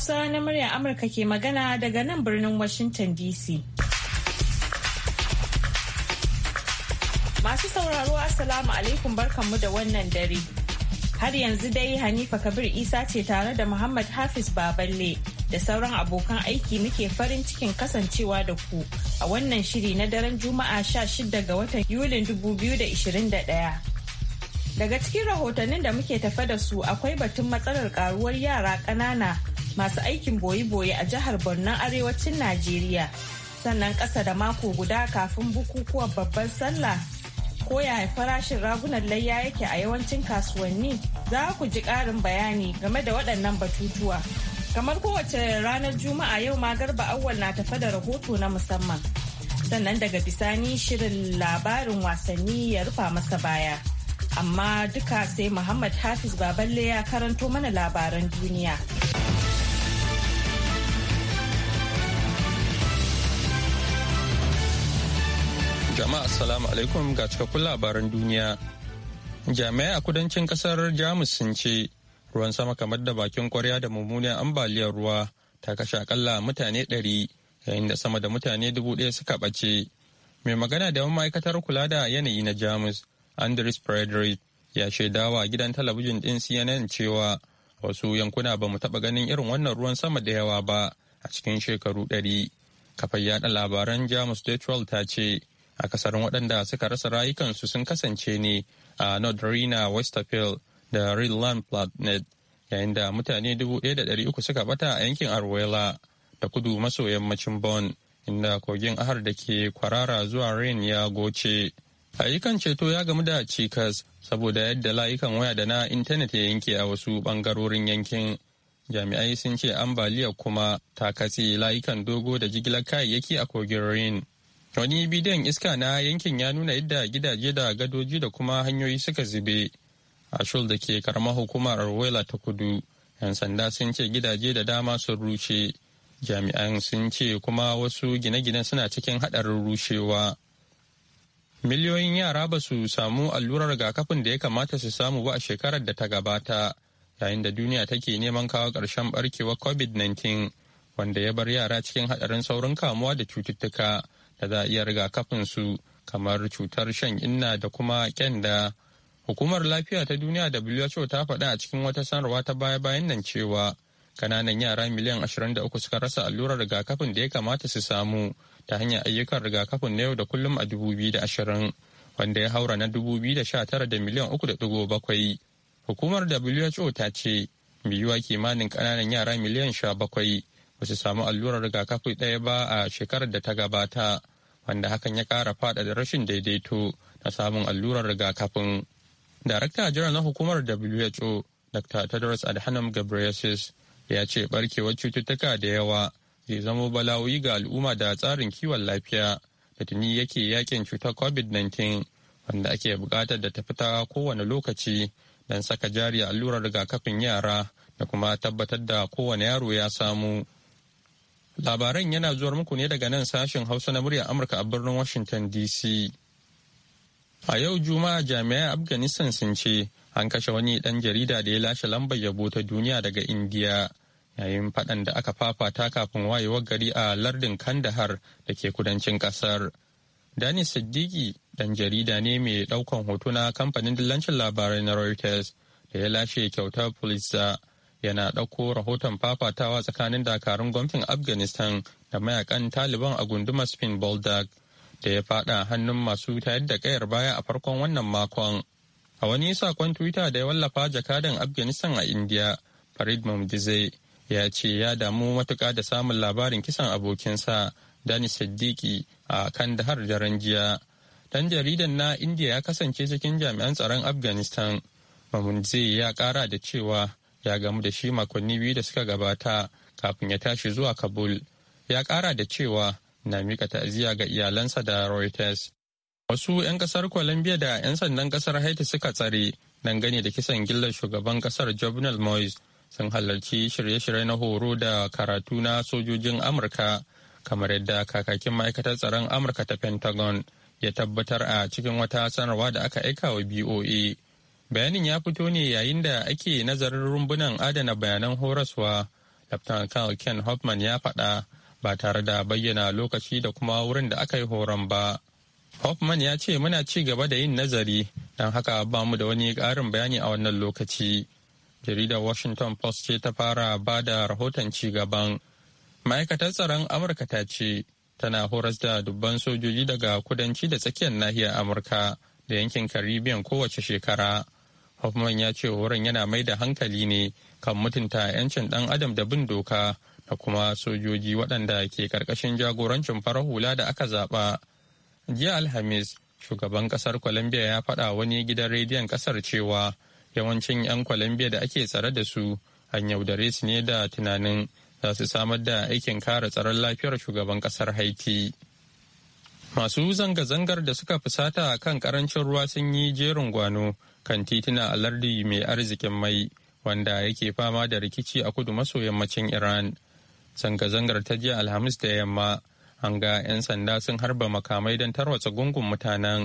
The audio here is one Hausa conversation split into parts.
Hausa na murya Amurka ke magana daga nan birnin Washington DC. Masu sauraro Assalamu alaikum barkanmu da wannan dare. Har yanzu dai Hanifa Kabir Isa ce tare da Muhammad Hafiz Baballe da sauran abokan aiki muke farin cikin kasancewa da ku a wannan shiri na daren Juma'a 16 ga watan Yulin 2021. Daga cikin rahotannin da muke tafa da su akwai batun matsalar karuwar yara ƙanana masu aikin boye-boye a jihar Borno arewacin Najeriya. Sannan ƙasa da mako guda kafin bukukuwan babban sallah ko yaya farashin ragunan layya yake a yawancin kasuwanni za ku ji ƙarin bayani game da waɗannan batutuwa. Kamar kowace ranar Juma'a yau ma garba awwal na tafa da rahoto na musamman. Sannan daga bisani shirin labarin wasanni ya rufa masa baya. Amma duka sai Muhammad Hafiz Baballe ya karanto mana labaran duniya. Jama'a Assalamu alaikum ga cikakkun labaran duniya. Jami'ai a kudancin kasar Jamus sun ce ruwan sama kamar da bakin kwarya da mummunan ambaliyar ruwa ta kashe akalla mutane ɗari yayin da sama da mutane dubu ɗaya suka ɓace. Mai magana da ma'aikatar kula da yanayi na Jamus, Andris Frederick, ya shaidawa gidan talabijin ɗin CNN cewa wasu yankuna ba mu taɓa ganin irin wannan ruwan sama da yawa ba a cikin shekaru ɗari. Kafar yaɗa labaran Jamus Detroit ta ce akasarin waɗanda suka rasa rayukansu sun kasance ne a northrina westerfield da Rhineland Platnet yayin da mutane 1,300 suka bata a yankin Arwela da kudu maso yammacin Bon inda kogin ahar da ke kwarara zuwa Rhine ya goce. Ayyukan ceto ya gamu da cikas saboda yadda layukan waya da na intanet ya yanke a wasu bangarorin yankin. Jami'ai sun ce ambaliya kuma ta katse layukan dogo da jigilar kayayyaki a kogin Rhine. Wani bidiyon iska na yankin ya nuna yadda gidaje da gadoji da kuma hanyoyi suka zube. A da ke karamar hukumar Arwela ta kudu, 'yan sanda sun ce gidaje da dama sun rushe. Jami'an sun ce kuma wasu gine gine suna cikin haɗarin rushewa. Miliyoyin yara ba su samu allurar rigakafin da ya kamata su samu ba a shekarar da ta gabata, yayin da duniya take neman kawo ƙarshen barkewar COVID-19, wanda ya bar yara cikin haɗarin saurin kamuwa da cututtuka. da za a iya rigakafin su kamar cutar shan inna da kuma kyanda. Hukumar lafiya ta duniya WHO ta faɗa a cikin wata sanarwa ta baya-bayan nan cewa kananan yara miliyan 23 suka rasa allurar rigakafin da ya kamata su samu ta hanyar ayyukan rigakafin na yau da kullum a 2020 wanda ya haura na 2019 da miliyan 3.7. Hukumar WHO ta ce biyuwa kimanin kananan yara miliyan 17 ba su samu allurar rigakafi ɗaya ba a shekarar da ta gabata. wanda hakan ya kara fada da rashin daidaito na samun allurar rigakafin. Darakta jiran na hukumar WHO, Dr. Tedros Adhanom Ghebreyesus, ya ce barkewar cututtuka da yawa zai zamo bala'o'i ga al'umma da tsarin kiwon lafiya da tuni yake yakin cutar COVID-19 wanda ake bukatar da ta fita kowane lokaci don saka jari allurar rigakafin yara da kuma tabbatar da kowane yaro ya samu. Labaran yana zuwar muku ne daga nan sashen Hausa na muryar Amurka a birnin Washington DC. A yau Juma'a jami'ai Afghanistan sun ce an kashe wani ɗan jarida da ya lashe lambar yabo ta duniya daga Indiya yayin faɗan da aka fafata kafin wayewar gari a lardin Kandahar da ke kudancin ƙasar. Dani Sadiki ɗan jarida ne mai ɗaukan hoto na kamfanin dillancin labarai na Reuters da ya lashe kyautar Pulitzer yana ɗauko rahoton fafatawa tsakanin dakarun gwamfin afghanistan da mayakan taliban a gundumar spin boldag da ya fada hannun masu tayar da kayar baya a farkon wannan makon a wani sakon twitter da ya wallafa jakadan afghanistan a india farid mamdize ya ce ya damu matuka da samun labarin kisan abokinsa dani siddiqi a kandahar daren jiya dan jaridan na india ya kasance cikin jami'an tsaron afghanistan mamdize ya kara da cewa ya gamu da shi makonni biyu da suka gabata kafin ya tashi zuwa kabul ya kara da cewa na mika ta'aziyya ga iyalansa da reuters wasu 'yan kasar colombia da 'yan sandan kasar haiti suka tsare dangane da kisan gillar shugaban kasar jovenel moise sun halarci shirye-shirye na horo da karatu na sojojin amurka kamar yadda kakakin ma'aikatar tsaron amurka ta pentagon ya tabbatar a cikin wata sanarwa da aka aika wa boa Bayanin ya fito ne yayin da ake nazarin rumbunan adana bayanan horaswa, Laftanar Colonel Ken Hoffman ya faɗa ba tare da bayyana lokaci da kuma wurin da aka yi horon ba. Hoffman ya ce muna ci gaba da yin nazari don haka ba mu da wani ƙarin bayani a wannan lokaci. Jaridar Washington Post ce ta fara ba da rahoton ci gaban. Ma'aikatar tsaron Amurka ta ce tana horas da dubban sojoji daga kudanci da tsakiyar nahiyar Amurka da yankin Caribbean kowace shekara. Hoffman ya ce wurin yana mai da hankali ne kan mutunta 'yancin ɗan adam da bin doka da kuma sojoji waɗanda ke ƙarƙashin jagorancin farar hula da aka zaɓa. Jiya Alhamis, shugaban ƙasar Colombia ya faɗa wani gidan rediyon ƙasar cewa yawancin 'yan Colombia da ake tsare da su an yaudare su ne da tunanin za su samar da aikin kare tsaron lafiyar shugaban ƙasar Haiti. Masu zanga-zangar da suka fusata kan ƙarancin ruwa sun yi jerin gwano kan titina a lardi mai arzikin mai wanda yake fama da rikici a kudu maso yammacin iran zanga-zangar ta jiya alhamis da yamma an ga 'yan sanda sun harba makamai don tarwatsa gungun mutanen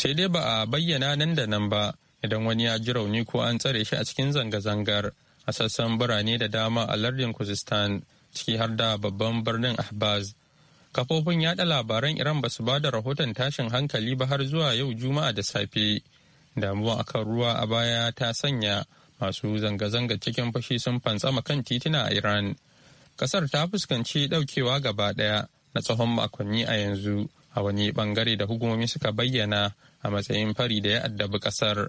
sai dai ba a bayyana nan da nan ba idan wani ya ji rauni ko an tsare shi a cikin zanga-zangar a sassan birane da dama a lardin kuzistan ciki har da babban birnin ahbaz kafofin yaɗa labaran iran ba su ba da rahoton tashin hankali ba har zuwa yau juma'a da safe damuwa a kan ruwa a baya ta sanya masu zanga-zanga cikin fashi sun fantsama kan titina a iran kasar ta fuskanci daukewa gaba daya na tsawon makonni a yanzu a wani bangare da hukumomi suka bayyana a matsayin fari da ya addabi kasar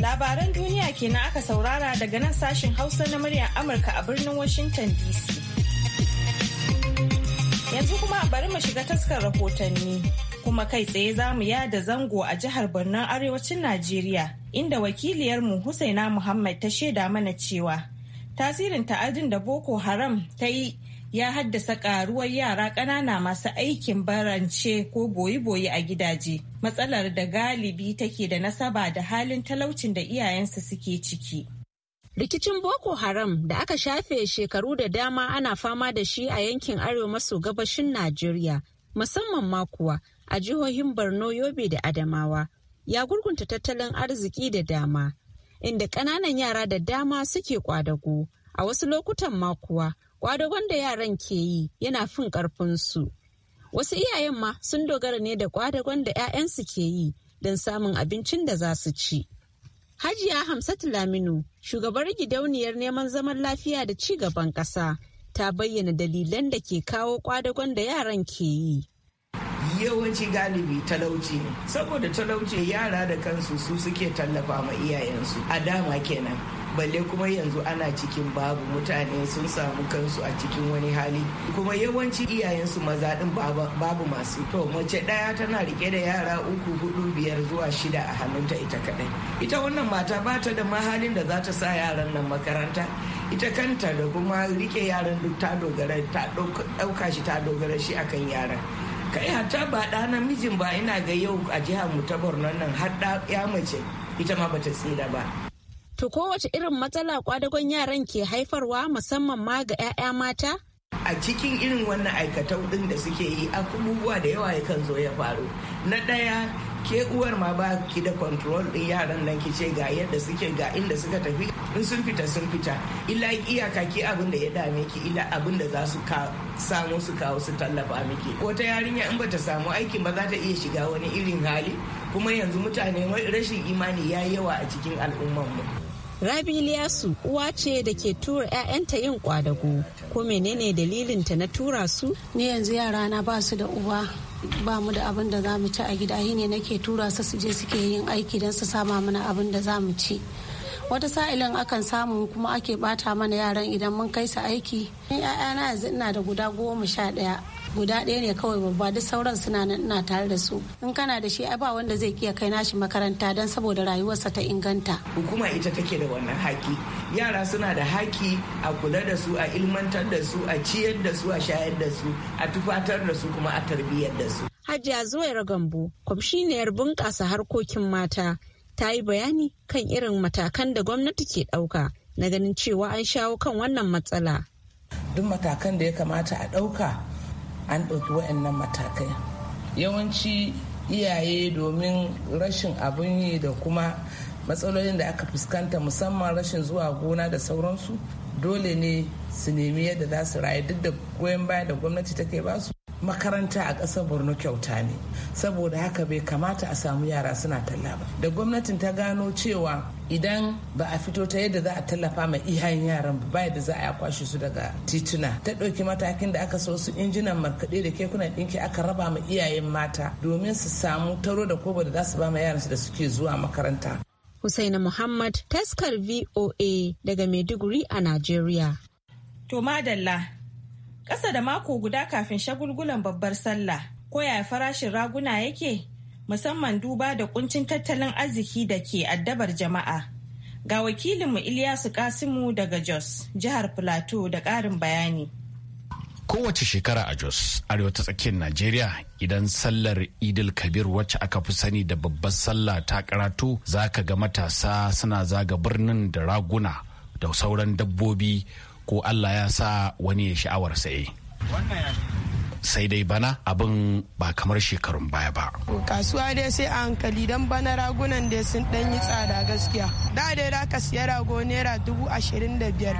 labaran duniya kenan aka saurara daga nan sashin hausa na muryar amurka a birnin washington dc yanzu kuma bari mu shiga taskar rahotanni kuma kai tsaye za mu yada zango a jihar Borno arewacin Najeriya inda wakiliyarmu Husaina Muhammad ta shaida mana cewa tasirin ta'adin da Boko Haram ta yi ya haddasa karuwar yara ƙanana masu aikin barance ko boyi-boyi a gidaje matsalar da galibi take da nasaba da halin talaucin da iyayensu suke ciki. Rikicin Boko Haram da aka shafe shekaru da dama ana fama da shi a yankin arewa maso gabashin Najeriya, musamman ma kuwa a jihohin Borno, Yobe da Adamawa, ya gurgunta tattalin arziki da dama, inda ƙananan yara da dama suke kwadago. A wasu lokutan ma kuwa, kwadagon da yaran ke yi yana fin ƙarfinsu. Wasu iyayen ma sun dogara ne da kwadagon da 'ya'yansu ke yi don samun abincin da za su ci. Hajiya Hamsatu Laminu, shugabar gidauniyar neman zaman lafiya da ci gaban ƙasa, ta bayyana dalilan da ke kawo kwadagon da yaran ke yi. Yawanci galibi talauci ne, saboda talauci yara da kansu su suke tallafa ma iyayensu, a dama kenan. balle kuma yanzu ana cikin babu mutane sun samu kansu a cikin wani hali kuma yawanci iyayensu maza din babu masu to mace ɗaya tana rike da yara uku hudu biyar zuwa shida a hannunta ita kaɗai ita wannan mata ba ta da mahalin da za ta sa yaran nan makaranta ita kanta da kuma rike yaran duk ta dogara ta dauka shi ta dogara shi akan yaran kai hata ba ɗa namijin ba ina ga yau a jihar mu ta nan har ya mace ita ma bata tsira ba To kowace irin matsala kwadagon yaran ke haifarwa musamman ma ga 'ya'ya mata? A cikin irin wannan aikatau ɗin da suke yi abubuwa da yawa yakan zo ya faru. Na ɗaya ke uwar ma ba ki da kontrol ɗin yaran nan ki ce ga yadda suke ga inda suka tafi in sun fita sun fita ila iyaka ki abin da ya dame ki ila abin da za su samu su kawo su tallafa miki wata yarinya in bata samu aikin ba za ta iya shiga wani irin hali kuma yanzu mutane rashin imani ya yawa a cikin al'ummar mu Rabi Liyasu uwa ce da ke tura 'ya'yanta yin kwadago. Ko menene dalilinta na tura su? Ni yanzu yara na ba su da uba ba mu da abin da za mu ci a gida ne nake tura su su je suke yin aiki don su sama mana abin da za mu ci. wata sa'ilin akan samu kuma ake bata mana yaran idan mun kai su aiki ni na yanzu ina da guda goma sha ɗaya guda ɗaya ne kawai babba duk sauran suna nan ina tare da su in kana da shi ai ba wanda zai iya kai nashi makaranta don saboda rayuwarsa ta inganta hukuma ita take da wannan haki yara suna da haki a kula da su a ilmantar da su a ciyar da su a shayar da su a tufatar da su kuma a tarbiyyar da su Hajiya Zuwaira Gambo, kwamishiniyar bunƙasa harkokin mata, ta yi bayani kan irin matakan da gwamnati ke ɗauka na ganin cewa an shawo kan wannan matsala. Duk matakan da ya kamata a ɗauka an ɗauki waɗannan matakai yawanci iyaye domin rashin abin yi da kuma matsalolin da aka fuskanta musamman rashin zuwa gona da sauransu dole ne su nemi yadda za su rayu duk da goyon baya da gwamnati take basu makaranta a ƙasar borno kyauta ne saboda haka bai kamata a samu yara suna talla ba da gwamnatin ta gano cewa idan ba a fito ta yadda za a tallafa ma iyayen yaran ba yadda za a kwashe su daga tituna ta ɗauki matakin da aka so su injinan markaɗe da kekunan ɗinki aka raba ma iyayen mata domin su samu taro da kobo da za su ba ma yaransu da suke zuwa makaranta Husaina Muhammad taskar VOA daga Maiduguri a Najeriya. To madalla Ƙasa da mako guda kafin shagulgulan babbar sallah, ko yaya farashin raguna yake? Musamman duba da kuncin tattalin arziki da ke addabar jama'a. Ga wakilinmu Ilyasu Kasimu daga Jos, jihar Plateau da ƙarin bayani. Kowace shekara a Jos, arewa ta tsakiyar Najeriya, idan sallar idil kabir wacce aka fi sani da babbar sallah ta karatu za ka ga matasa suna zaga birnin da raguna da sauran dabbobi ko Allah ya sa wani ya sha'awar saye. sai dai bana abin ba kamar shekarun baya ba. Kasuwa dai sai a hankali don bana ragunan da sun dan yi tsada gaskiya. Da dai da ka siya rago naira dubu ashirin da biyar.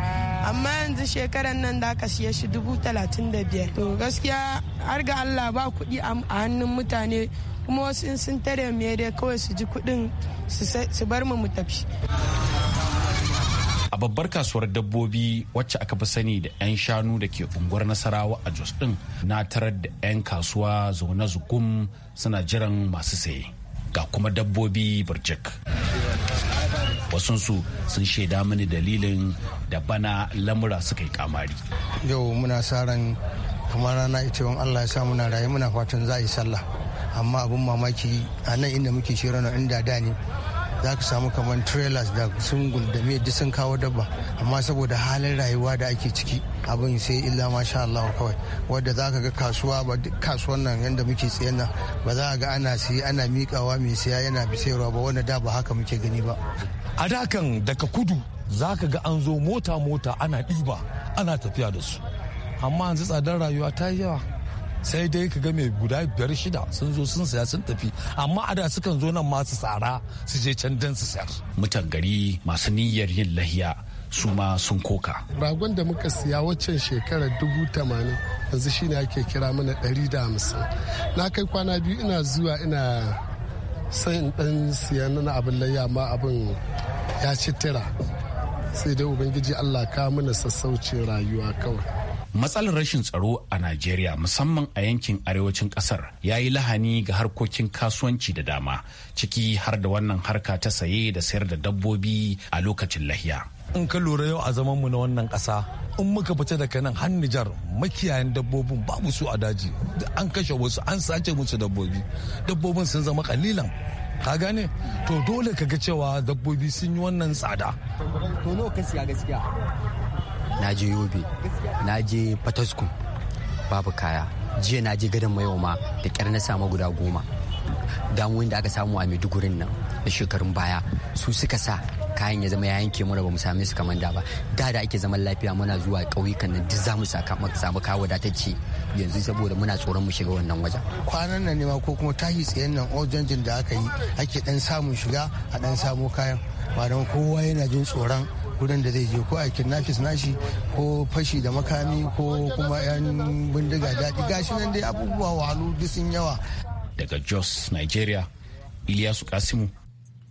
Amma yanzu shekaran nan da ka siya shi dubu talatin da biyar. To gaskiya har ga Allah ba kuɗi a hannun mutane kuma wasu sun tare me dai kawai su ji kuɗin su bar mu mu tafi. a babbar kasuwar dabbobi wacce aka fi sani da 'yan shanu da ke unguwar nasarawa a jos din na tarar da 'yan kasuwa zaune zugum suna jiran masu saye ga kuma dabbobi birjik wasunsu sun shaida mini dalilin da bana lamura suka yi kamari yau muna sa ran kamar rana ita wani allah ya sa muna raye muna fatan za a yi sallah amma abin mamaki a nan inda muke shirana inda da ne za ka samu kamar trailers da sun guldame duk sun kawo dabba amma saboda halin rayuwa da ake ciki abin sai illa masha Allah kawai wadda za ka ga kasuwa ba duk kasuwan nan yadda muke tsayen nan ba za ka ga ana siye ana miƙawa mai siya yana sayarwa ba wanda da ba haka muke gani ba a dakan daga kudu za ka ga an zo mota-mota ana ɗiba ana tafiya da su amma yanzu tsadar rayuwa ta yi yawa sai dai ka ga mai guda biyar shida sun zo sun saya sun tafi amma a da sukan zo nan masu tsara su je can don su sayar. mutan gari masu niyyar yin lahiya su ma sun koka. Ragon da muka siya waccan shekarar dubu tamanin yanzu shine ake kira mana ɗari da hamsin. Na kai kwana biyu ina zuwa ina sai in ɗan siya nana abin layya amma abin ya ci tira. Sai dai Ubangiji Allah ka mana sassaucin rayuwa kawai. matsalar rashin tsaro a najeriya musamman a yankin arewacin kasar ya yi lahani ga harkokin kasuwanci da dama ciki har da wannan harka ta saye da sayar da dabbobi a lokacin lahiya in ka lura yau a zaman mu na wannan ƙasa in muka fita daga nan har Nijar makiyayan dabbobin babu su a daji an kashe wasu an sace musu dabbobi dabbobin sun zama kalilan ka gane to dole ka ga cewa dabbobi sun yi wannan tsada to nawa ka gaskiya na je yobe na je fataskum babu kaya jiya na je gadon mai ma da kyar na samu guda goma damuwoyin da aka samu a maidugurin nan da shekarun baya su suka sa kayan ya zama ya yanke ba mu sami su kamar da ba da da ake zaman lafiya muna zuwa ƙauyukan nan duk zamu samu kawo wadatacce yanzu saboda muna tsoron mu shiga wannan wajen kwanan nan ne ma ko kuma tashi tsayen nan ojanjin da aka yi ake dan samun shiga a dan samo kayan ba kowa yana jin tsoron gurin da zai je ko a kidnappers nashi ko fashi da makami ko kuma yan bindiga daɗi gashi nan dai abubuwa wahalu duk sun yawa daga jos nigeria iliyasu kasimu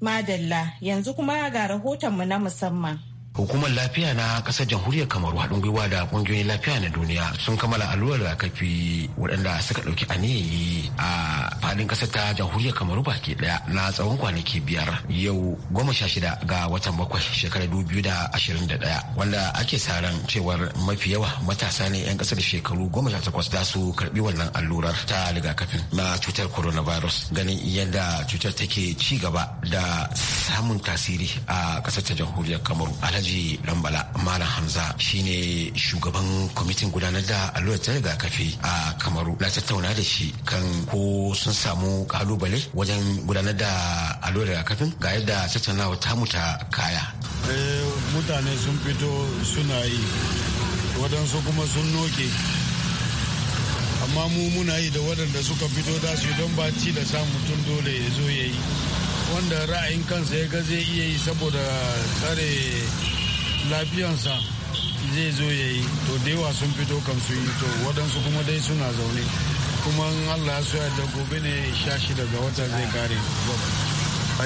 madalla yanzu kuma ga rahotonmu na musamman Hukumar lafiya na ƙasar jamhuriyar Kamaru haɗin gwiwa da ƙungiyoyin lafiya na duniya sun kammala allurar rigakafi waɗanda suka ɗauki aniyayi a faɗin ƙasar ta jamhuriyar Kamaru baki ɗaya na tsawon kwanaki biyar yau goma sha shida ga watan bakwai shekarar dubu biyu da ashirin da ɗaya wanda ake sa ran cewar mafi yawa matasa ne 'yan ƙasar shekaru goma sha takwas za su karɓi wannan allurar ta rigakafin na cutar coronavirus ganin yadda cutar take ci gaba da samun tasiri a ƙasar ta jamhuriyar Kamaru. alhaji dambala malam hamza shine shugaban kwamitin gudanar da allurar ta rigakafi a kamaru na tattauna da shi kan ko sun samu kalubale wajen gudanar da allurar rigakafin ga yadda tattaunawa ta muta kaya eh, mutane sun fito suna yi waɗansu kuma sun noke amma mu muna yi da waɗanda suka fito da su don ba ci da sa mutum dole ya zo ya yi wanda ra'ayin kansa ya ga zai iya yi saboda tsare lafiyansa zai zo ya yi to da yawa sun fito kan su yi to waɗansu kuma dai suna zaune kuma allah su da gobe ne sha shi daga wata zai kare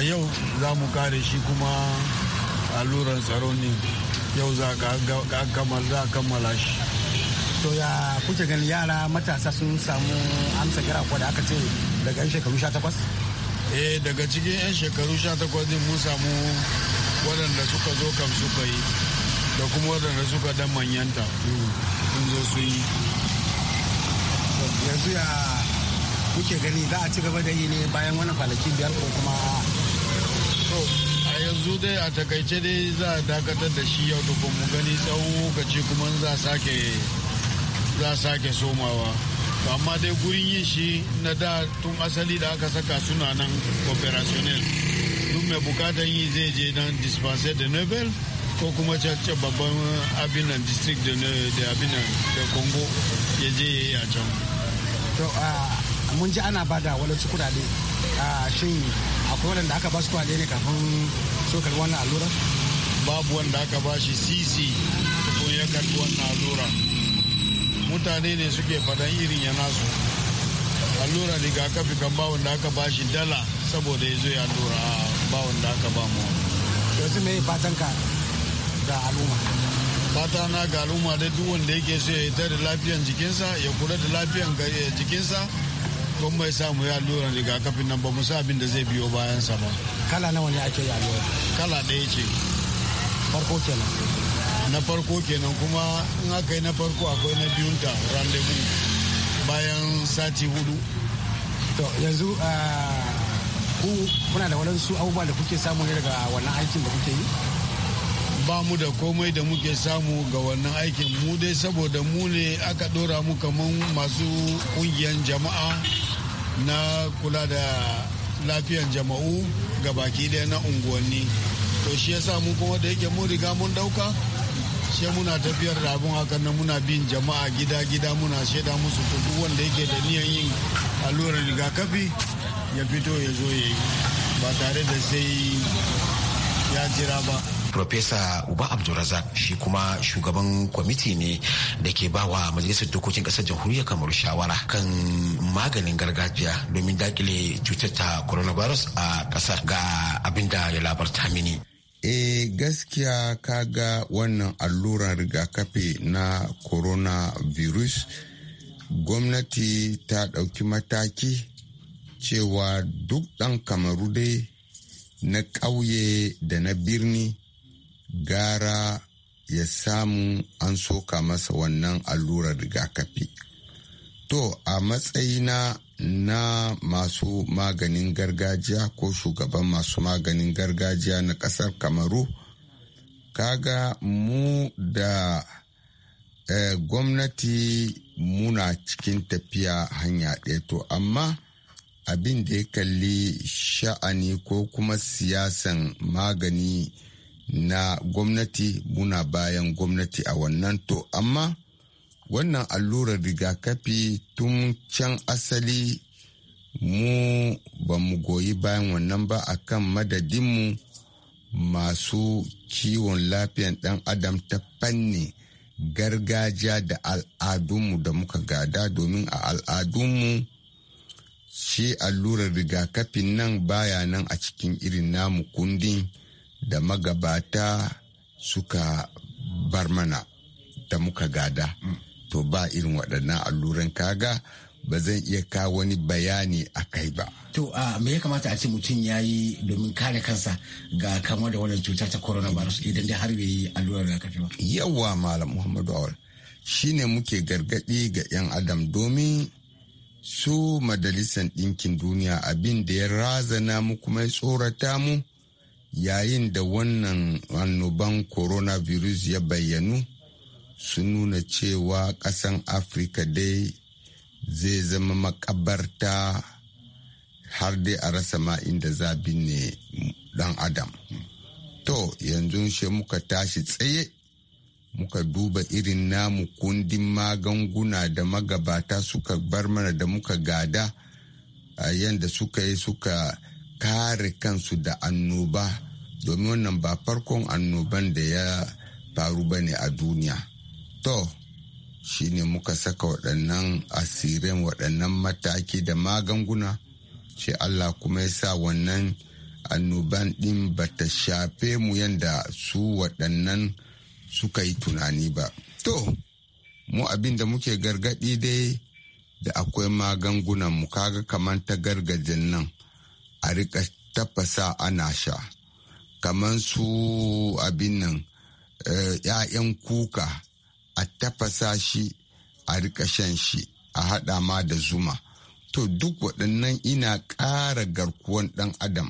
a yau za mu kare shi kuma alluran tsaron ne yau za a kammala shi to ya kuke gani yara matasa sun samu amsa gara da aka ce daga yan shekaru 18 eh daga cikin 'yan shekaru 18 din mun samu waɗanda suka zo kam suka yi da kuma waɗanda suka dan manyanta sun zo su yi yanzu ya kuke gani za a ci gaba da yi ne bayan wani kwalaki biyar ko kuma a yanzu dai a takaice dai za a dakatar da shi yau da mu gani tsawon lokaci kuma za a sake somawa to amma dai gurin yin shi na da tun asali da aka saka suna nan operational duk mai bukatar yi zai je nan dispenser da nobel ko kuma cacce babban abinan district da abinan da congo ya je ya yi a can to mun ji ana bada wadansu kudade shin akwai wadanda aka ba su kudade ne kafin sokar wannan allura babu wanda aka ba shi sisi. ko ya karbi wannan allura mutane ne suke fadan irin ya nasu allura rigakafi kan bawon da aka bashi dala saboda ya zo ya allura bawon da aka ba mu yanzu me fatan ka da al'umma fata na ga al'umma da duk wanda yake so ya ita da lafiyan jikinsa ya kula da lafiyan eh, jikinsa don bai samu ya alluran rigakafin nan ba mu sa abin da zai biyo bayan sa ba kala nawa ne ake yi allura kala ɗaya ce farko kenan na farko kenan kuma in aka yi na farko akwai na biyun ta rendezvous bayan sati hudu to yanzu ah, ku kuna da su abubuwa da kuke samu ne daga wannan aikin da kuke yi ba mu da komai da muke samu ga wannan aikin mu dai saboda mu ne aka dora mu kaman masu ƙungiyar jama'a na kula da lafiyan jama'u ga baki ɗaya na unguwanni to shi yasa mu kuma da yake mun riga mun ɗauka ashe muna tafiyar da abun hakan na muna bin jama'a gida-gida muna shaida musu to duk wanda yake da niyan yin allurar rigakafi ya fito ya zo ya yi ba tare da sai ya jira ba. Profesa Uba Abdulrazak shi kuma shugaban kwamiti ne da ke ba wa Majalisar Dokokin kasar Jamhuriyar Kamaru shawara kan maganin gargajiya domin dakile cutar ta coronavirus a ƙasar ga abin da ya labarta mini. e gaskiya kaga wannan allurar rigakafi na coronavirus gwamnati ta ɗauki mataki cewa duk ɗan kamaru dai na ƙauye da na birni gara ya samu an soka masa wannan allurar rigakafi. To a matsayina na masu maganin gargajiya ko shugaban masu maganin gargajiya na kasar kamaru kaga mu da eh, gwamnati muna cikin tafiya hanya ɗaya to amma abin da ya kalli sha'ani ko kuma siyasan magani na gwamnati muna bayan gwamnati a wannan to amma wannan allurar rigakafi tun can asali mu ba mu goyi bayan wannan ba a kan madadinmu masu kiwon lafiyan dan adam ta fanni gargajiya da al'adunmu da muka gada domin a al'adunmu shi allurar rigakafin nan baya nan a cikin irin namu kundin da magabata suka bar mana da muka gada. Mm. to ba irin waɗannan alluran kaga ba zan iya kawo wani bayani a kai ba. To me ya kamata a ce mutum ya yi domin kare kansa ga kama da wannan cuta ta coronavirus idan da har bai yi allurar rigakafi ba. Yawwa Malam Muhammadu Awal shi ne muke gargaɗi ga 'yan Adam domin su majalisar ɗinkin duniya abin da ya razana mu kuma ya tsorata mu yayin da wannan annoban coronavirus ya bayyanu. sun nuna cewa ƙasan afirka dai zai zama makabarta har dai a rasa ma inda za binne dan adam to yanzu shi muka tashi tsaye muka duba irin namu kundin magunguna da magabata suka bar mana da muka gada a yadda suka yi suka kare kansu da annoba domin wannan ba farkon annoban da ya faru ba ne a duniya to shine muka saka waɗannan asirin waɗannan mataki da magunguna ce Allah kuma ya sa wannan annoban ɗin ba ta shafe mu yadda su waɗannan suka yi tunani ba. To, mu abin da muke gargaɗi dai da akwai magungunan mu kaga kamar ta gargajin nan a rika tafasa ana sha, kamar su abin nan eh, ‘ya'yan kuka. a tafasa shi a rika shan shi a haɗa ma da zuma to duk waɗannan ina ƙara garkuwan ɗan adam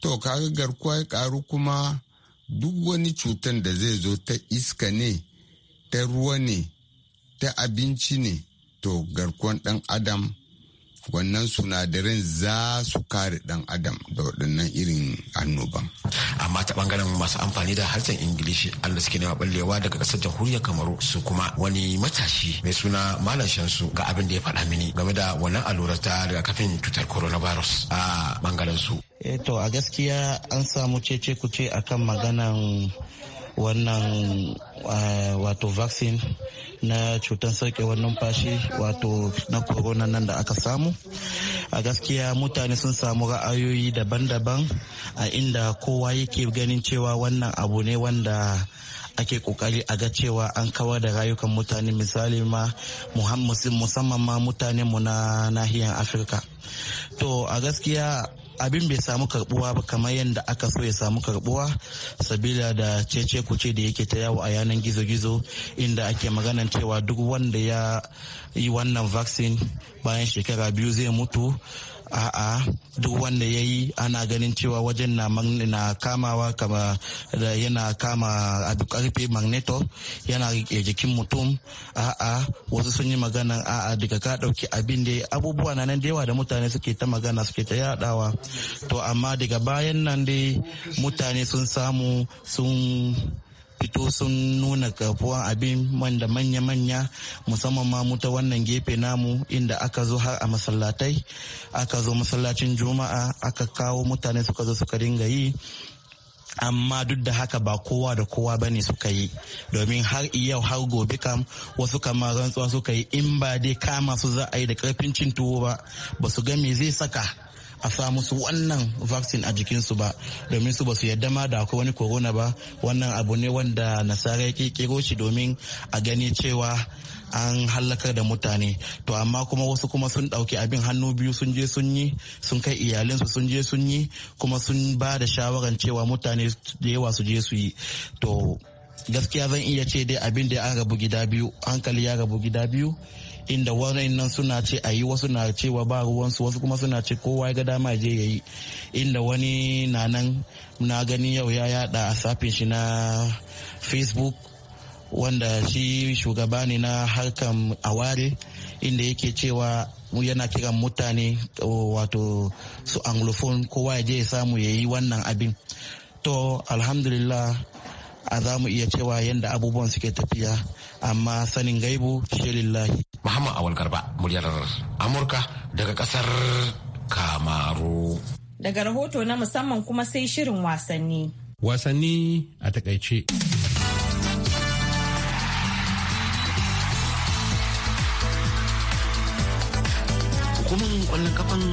to kaga garkuwa ya ƙaru kuma duk wani cutan da zai zo ta iska ne ta ruwa ne ta abinci ne to garkuwan ɗan adam wannan sunadarin za su kare dan adam da waɗannan irin annoban. amma ta ɓangaren masu amfani da harshen ingilishi allah suke nema ɓallewa daga ƙasar jamhuriyar kamaru su kuma wani matashi mai suna malam shansu ga abin da ya faɗa mini game da wannan allurar ta daga kafin cutar coronavirus a bangaren su. Eto eh, a gaskiya an samu cece kuce akan maganan wannan eh, wato vaccine na cutar wannan numfashi wato na corona nan da aka samu a gaskiya mutane sun samu ra'ayoyi daban-daban a inda kowa yake ganin cewa wannan abu ne wanda ake kokari a ga cewa an kawar da rayukan mutane misali ma musamman ma mutane mu na nahiyar afirka to a gaskiya abin bai samu karbuwa ba kamar yadda aka so ya samu karbuwa sabila da cece kuce da yake ta yawo a yanan gizo-gizo inda ake maganan cewa duk wanda ya yi wannan vaccine bayan shekara biyu zai mutu a'a duk wanda ya yi ana ganin cewa wajen na kamawa kama da yana kama a duk karfe magneto yana rike jikin mutum a'a wasu sun yi magana a'a daga ka dauki abin da abubuwa na nan da yawa da mutane suke ta magana suke ta yadawa to amma daga bayan nan dai mutane sun samu sun fito sun nuna kafuwan abin da manya-manya musamman ma muta wannan gefe namu inda aka zo har a masallatai aka zo masallacin juma'a aka kawo mutane suka zo suka dinga yi amma duk da haka ba kowa da kowa ba ne suka yi domin har yau har gobe kam wasu kama rantsuwa suka yi in ba dai kama su za a yi da karfin cin tuwo ba ba su ga me zai saka a sa musu wannan vaccine a jikinsu ba domin su ba su yadda ma da akwai wani corona ba wannan abu ne wanda nasara ya kirkiro shi domin a gani cewa an hallakar da mutane to amma kuma wasu kuma sun ɗauki abin hannu biyu sun je sun yi sun kai iyalinsu sun je sun yi kuma sun ba da shawaran cewa mutane da yawa su je su yi to gaskiya zan iya ce dai abin da ya rabu gida biyu hankali ya rabu gida biyu inda wani nan suna ce a yi wasu na cewa ba ruwansu wasu kuma suna ce kowa ya ga dama je ya yi inda wani na nan na gani yau ya yada a safin shi na facebook wanda shi shugaba ne na harkan aware inda yake cewa yana kiran mutane wato su anglophone kowa ya je ya samu ya yi wannan abin to alhamdulillah a za mu iya cewa yadda abubuwan suke tafiya amma sanin gaibu shi lillahi. Muhammad Awal Garba muryar Amurka daga kasar Kamaru. Daga rahoto na musamman kuma sai shirin wasanni. Wasanni a takaice. kwallon kafan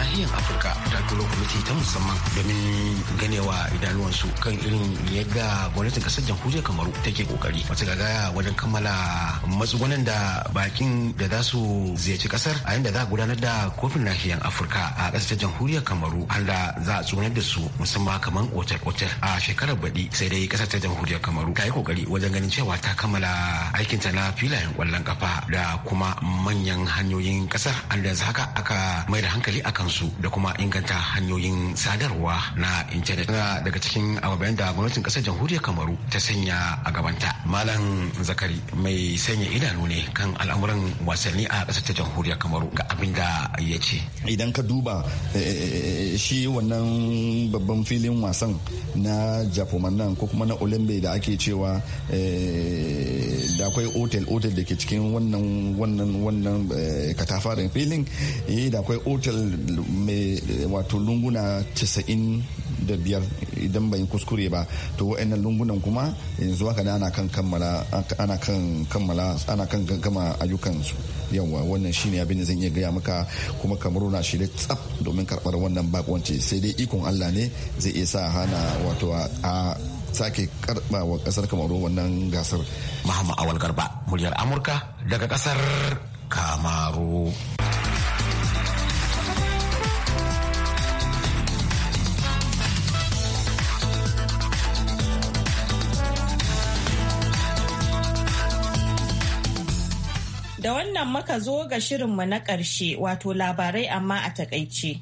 nahiyar afirka ta turo kwamiti ta musamman domin ganewa idanuwansu kan irin yadda gwamnatin kasar jamhuriyar kamaru take kokari wata gagaya wajen kammala matsugunan da bakin da za su ziyarci kasar a yadda za a gudanar da kofin nahiyar afirka a kasar jamhuriyar kamaru da za a tsunar da su musamman kamar otel otar a shekarar baɗi sai dai kasar ta jamhuriyar kamaru ta yi kokari wajen ganin cewa ta kammala aikinta na filayen kwallon kafa da kuma manyan hanyoyin kasar an da haka aka mai da hankali a kansu da kuma inganta hanyoyin sadarwa na intanet na daga cikin ababen da gwamnatin kasar jamhuriyar kamaru ta sanya a gabanta malam zakari mai sanya idanu ne kan al'amuran wasanni a kasar ta jamhuriyar kamaru ga abin da ya ce idan ka duba eh, eh, eh, shi wannan babban filin wasan na japoman nan ko kuma na olambe da ake cewa da akwai otel otel da ke cikin wannan wannan wannan katafarin filin da akwai otal mai wato lunguna 95 idan yi kuskure ba to wa'annan lungunan kuma yanzu haka da ana kan kammala ana kan kammala ana kan gama ayyukansu yawa wannan shine abin da zan iya gaya maka kuma kamaru na shirya tsaf domin karbar wannan bakonci sai dai ikon allah ne zai iya sa hana wato a sake karba wa kasar kamar wannan gasar muhammad awal garba muryar amurka daga kasar kamaru Da wannan maka zo ga shirinmu na ƙarshe wato labarai amma a takaice.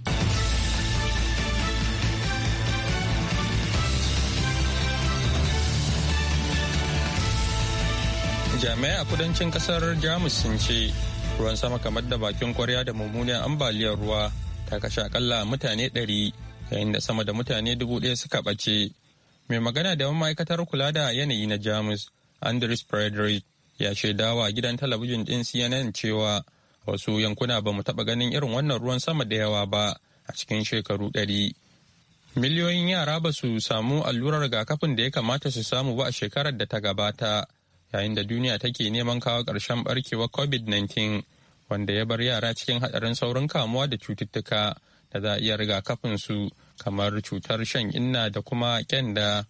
Jami'ai a kudancin kasar Jamus sun ce ruwan sama kamar da bakin kwarya da mummunan ambaliyar ruwa ta kashe akalla mutane ɗari yayin da sama da mutane dubu ɗaya suka ɓace. Mai magana da ma'aikatar kula da yanayi na Jamus, Andris Frederick, ya shaidawa gidan talabijin din cnn cewa wasu yankuna ba mu taɓa ganin irin wannan ruwan sama da yawa ba a cikin shekaru ɗari miliyoyin yara ba su samu allurar rigakafin da ya kamata su samu ba a shekarar da ta gabata yayin da duniya take neman kawo ƙarshen barkewar covid-19 wanda ya bar yara cikin haɗarin saurin kamuwa da cututtuka da za a iya rigakafin su kamar cutar shan inna da kuma kyanda.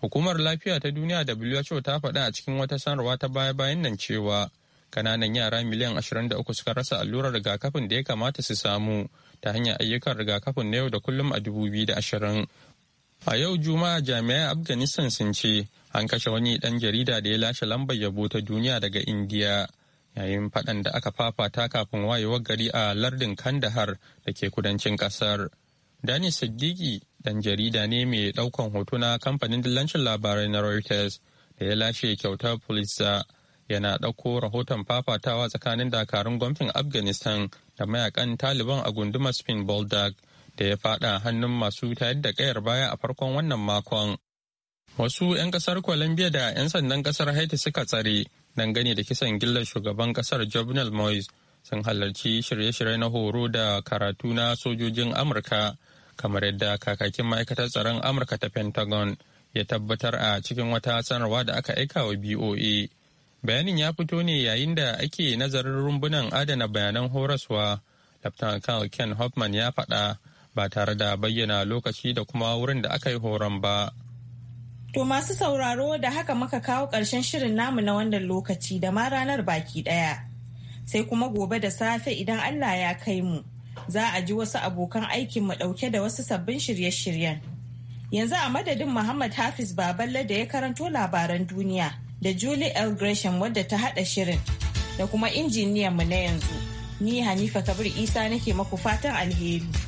Hukumar Lafiya ta Duniya da WHO ta faɗa a cikin wata sanarwa ta baya-bayan nan cewa kananan yara miliyan 23 suka rasa allurar rigakafin da ya kamata su samu ta hanyar ayyukan rigakafin na yau da kullum a 2020. A yau Juma'a jami'ai Afghanistan sun ce an kashe wani dan jarida da ya lashe lambar yabo ta duniya daga Indiya yayin faɗan da aka fafata kafin wayewar gari a lardin Kandahar da ke kudancin ƙasar. Dani Siddiqui dan jarida ne mai daukan hoto na kamfanin dillancin labarai na Reuters da ya lashe kyautar Pulitzer yana ɗauko rahoton fafatawa tsakanin dakarun gwamfin Afghanistan da mayakan Taliban a gundumar Spin Boldag da ya fada hannun masu tayar da kayar baya a farkon wannan makon. Wasu 'yan kasar Colombia da 'yan sandan kasar Haiti suka tsare dangane da kisan gillar shugaban kasar Jovenel Moise sun halarci shirye-shirye na horo da karatu na sojojin Amurka kamar yadda kakakin ma'aikatar tsaron amurka ta pentagon ya tabbatar a cikin wata sanarwa da aka aika wa boa bayanin ya fito ne yayin da ake nazarin rumbunan adana bayanan horaswa laftan kan ken hoffman ya faɗa ba tare da bayyana lokaci da kuma wurin da aka yi horon ba To masu sauraro da haka muka kawo ƙarshen shirin namu na wannan lokaci da ma ranar baki ɗaya. Sai kuma gobe da safe idan Allah ya kai mu. za a ji wasu abokan aikin mu ɗauke da wasu sabbin shirye-shiryen. Yanzu a madadin Muhammad Hafiz Baballe da ya karanto labaran duniya da Julie L. Gresham wadda ta haɗa shirin da kuma injiniyan mu na yanzu. Ni Hanifa Kabir Isa nake maku fatan alheri.